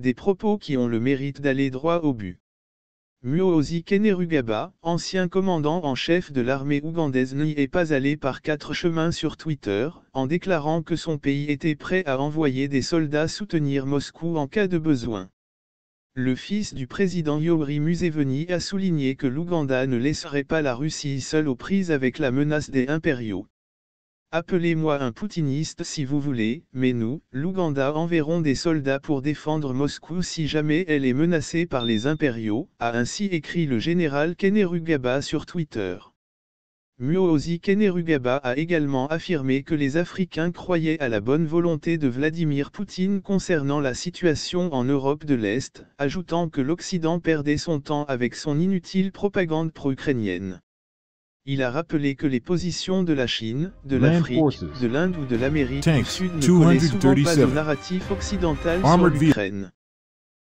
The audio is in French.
des propos qui ont le mérite d'aller droit au but. Muozi Kenerugaba, ancien commandant en chef de l'armée ougandaise n'y est pas allé par quatre chemins sur Twitter, en déclarant que son pays était prêt à envoyer des soldats soutenir Moscou en cas de besoin. Le fils du président Yoweri Museveni a souligné que l'Ouganda ne laisserait pas la Russie seule aux prises avec la menace des impériaux. Appelez-moi un poutiniste si vous voulez, mais nous, l'Ouganda enverrons des soldats pour défendre Moscou si jamais elle est menacée par les impériaux, a ainsi écrit le général Kenerugaba sur Twitter. Muozi Kenerugaba a également affirmé que les Africains croyaient à la bonne volonté de Vladimir Poutine concernant la situation en Europe de l'Est, ajoutant que l'Occident perdait son temps avec son inutile propagande pro-ukrainienne. Il a rappelé que les positions de la Chine, de l'Afrique, de l'Inde ou de l'Amérique du Sud ne connaissent souvent pas de narratif occidental sur l'Ukraine.